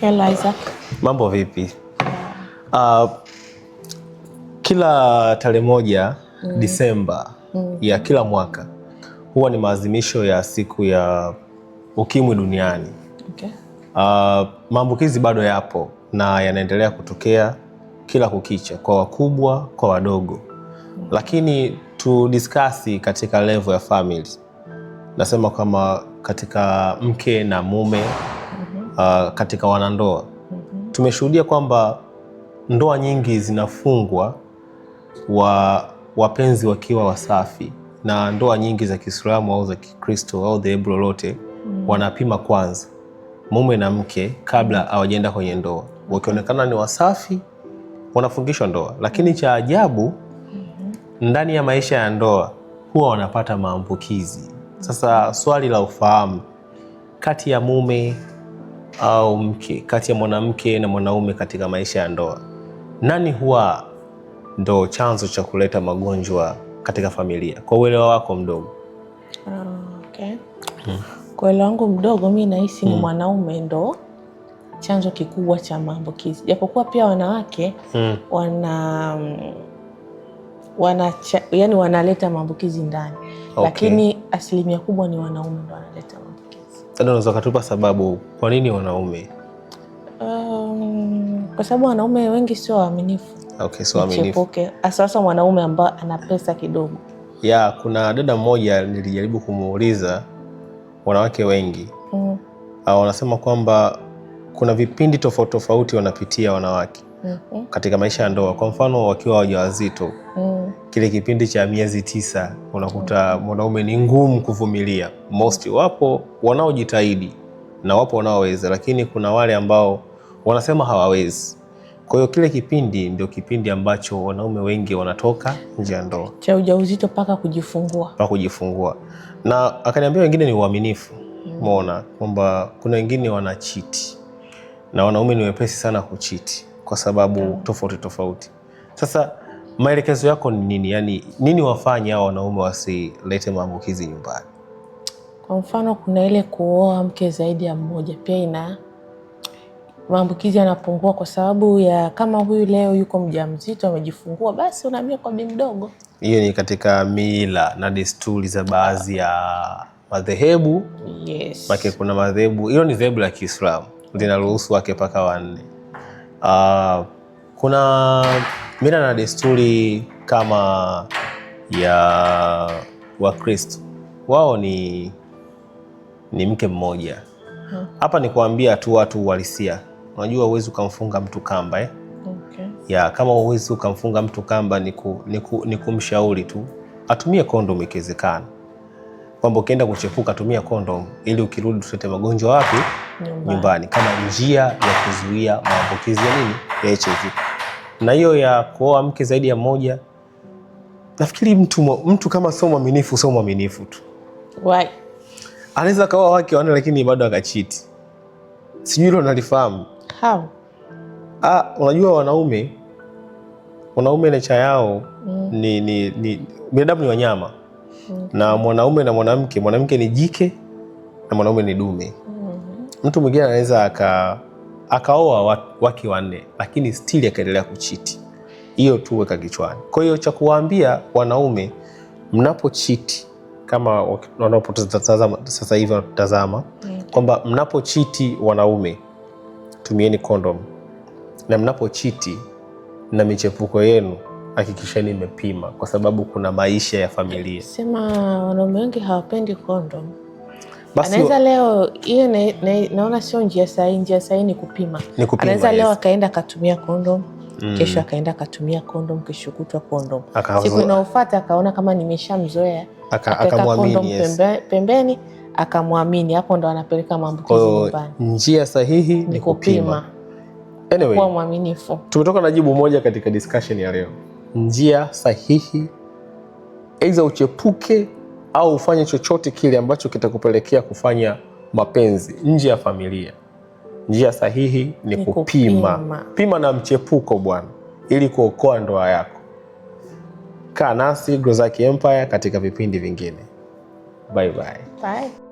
Hello Isaac. Mambo vipi? Uh, kila tarehe moja mm. Disemba mm. ya kila mwaka huwa ni maadhimisho ya siku ya ukimwi duniani. Okay. Uh, maambukizi bado yapo na yanaendelea kutokea kila kukicha kwa wakubwa kwa wadogo mm. Lakini tu katika level ya family, nasema kama katika mke na mume uh, katika wanandoa mm -hmm. Tumeshuhudia kwamba ndoa nyingi zinafungwa wa wapenzi wakiwa wasafi, na ndoa nyingi za Kiislamu au za Kikristo au dhehebu lolote mm -hmm. wanapima kwanza mume na mke kabla mhm. hawajaenda kwenye ndoa. Wakionekana ni wasafi, wanafungishwa ndoa, lakini cha ajabu mm -hmm. ndani ya maisha ya ndoa huwa wanapata maambukizi. Mhm. Sasa swali la ufahamu kati ya mume au mke, kati ya mwanamke na mwanaume katika maisha ya ndoa, nani huwa ndo chanzo cha kuleta magonjwa katika familia kwa uelewa wako mdogo? Okay. Hmm. Kwa uelewa wangu mdogo, mi nahisi ni hmm, mwanaume ndo chanzo kikubwa cha maambukizi, japokuwa pia wanawake hmm, wana wana yani wanaleta maambukizi ndani, okay, lakini asilimia kubwa ni wanaume ndo wanaleta Labda yaani unaweza kutupa sababu kwa nini wanaume? Um, kwa sababu wanaume wengi sio waaminifu. Okay, sio waaminifu. Sasa mwanaume ambaye ana pesa kidogo. Ya, kuna dada mmoja nilijaribu kumuuliza wanawake wengi mm. Wanasema kwamba kuna vipindi tofauti tofauti wanapitia wanawake okay. Mm-hmm. katika maisha ya ndoa. Kwa mfano wakiwa wajawazito mm. kile kipindi cha miezi tisa unakuta mwanaume ni ngumu kuvumilia. Most wapo wanaojitahidi na wapo wanaoweza, lakini kuna wale ambao wanasema hawawezi. Kwa hiyo kile kipindi ndio kipindi ambacho wanaume wengi wanatoka nje ya ndoa cha ujauzito mpaka kujifungua, mpaka kujifungua. Na akaniambia wengine ni uaminifu mona, mm-hmm. kwamba kuna wengine wanachiti na wanaume ni wepesi sana kuchiti kwa sababu tofauti tofauti. Sasa maelekezo yako ni nini? Yani nini wafanye hao wanaume wasilete maambukizi nyumbani? Kwa mfano, kuna ile kuoa mke zaidi ya mmoja, pia ina maambukizi yanapungua, kwa sababu ya kama huyu leo yuko mjamzito amejifungua, basi unaamia kwa bi mdogo. Hiyo ni katika mila na desturi za baadhi ya madhehebu yes. Make kuna madhehebu, hilo ni dhehebu la Kiislamu linaruhusu wake mpaka wanne. Uh, kuna mila na desturi kama ya Wakristo, wao ni, ni mke mmoja hapa. Ni kuambia tu watu uhalisia. Unajua huwezi ukamfunga mtu kamba eh? Ya, kama huwezi ukamfunga mtu kamba ni, ku, ni, ku, ni kumshauri tu atumie kondomu ikiwezekana kwamba ukienda kuchepuka tumia kondom ili ukirudi tusete magonjwa wapi? Nyumbani. Nyumbani, kama njia ya kuzuia maambukizi ya nini ya HIV. Na hiyo ya kuoa mke zaidi ya moja, nafikiri mtu, mtu kama sio mwaminifu sio mwaminifu tu, anaweza kaoa wake wanne lakini bado akachiti. Sijui hilo nalifahamu. How? Ah, unajua wanaume wanaume necha yao mm. ni, ni, ni binadamu ni wanyama na mwanaume na mwanamke, mwanamke ni jike na mwanaume ni dume Mtu mwingine anaweza aka akaoa wake wanne lakini stili akaendelea kuchiti. Hiyo tu weka kichwani. Kwa hiyo cha kuwaambia wanaume, mnapochiti kama wanapotazama sasa hivi wanatazama kwamba mnapochiti wanaume, tumieni kondom na mnapochiti na michepuko yenu hakikisheni imepima kwa sababu kuna maisha ya familia. Sema wanaume wengi hawapendi kondom. anaweza leo hiyo na, na, naona sio njia sahihi. Njia sahihi ni kupima, ni kupima. Anaweza leo akaenda akatumia kondom mm. Kesho akaenda akatumia kondom, kesho kutwa kondom, siku inaofuata akaona kama nimeshamzoea, akamwamini kondom yes. Pembeni akamwamini, hapo ndo anapeleka maambukizi nyumbani. Njia sahihi ni kupima, kupima. Anyway, kuwa mwaminifu. Tumetoka na jibu moja katika discussion ya leo njia sahihi, aidha uchepuke au ufanye chochote kile ambacho kitakupelekea kufanya mapenzi nje ya familia. Njia sahihi ni, kupima. Kupima pima na mchepuko bwana, ili kuokoa ndoa yako. Kaa nasi Glozack Empire katika vipindi vingine. Bye bye. Bye.